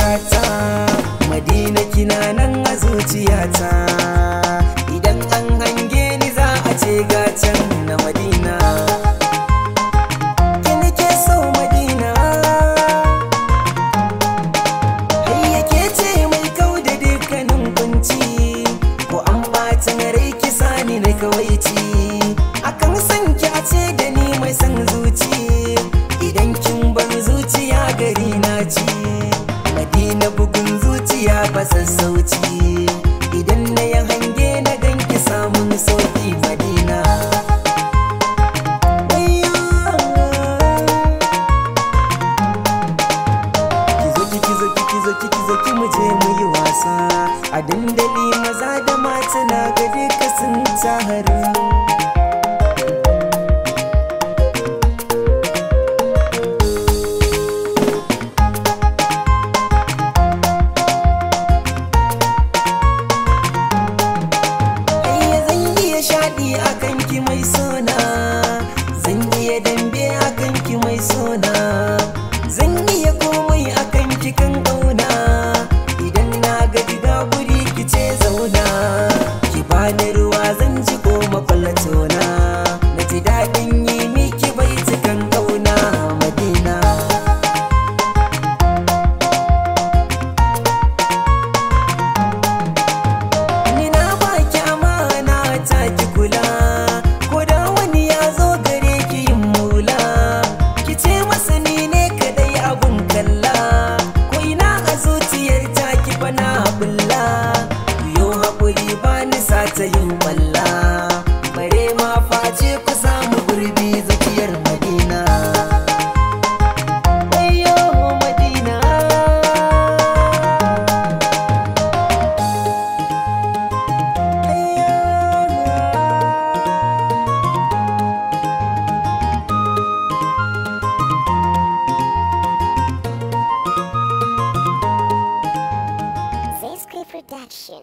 karata madina kina nan a zuciyata idan an hange ni za a ce gatan na madina ke so madina hayyake ce mai kau da dukkanin kunci ko an bata rai kisa ni na kawaici sauci idan na yi hange na ganki samun sauki madina kizo kizo kizo kizo kizo mu je mu yi wasa a isa ta yin kwalla bare ma face ku samu gurbi zakiyar madina wayo madina Production.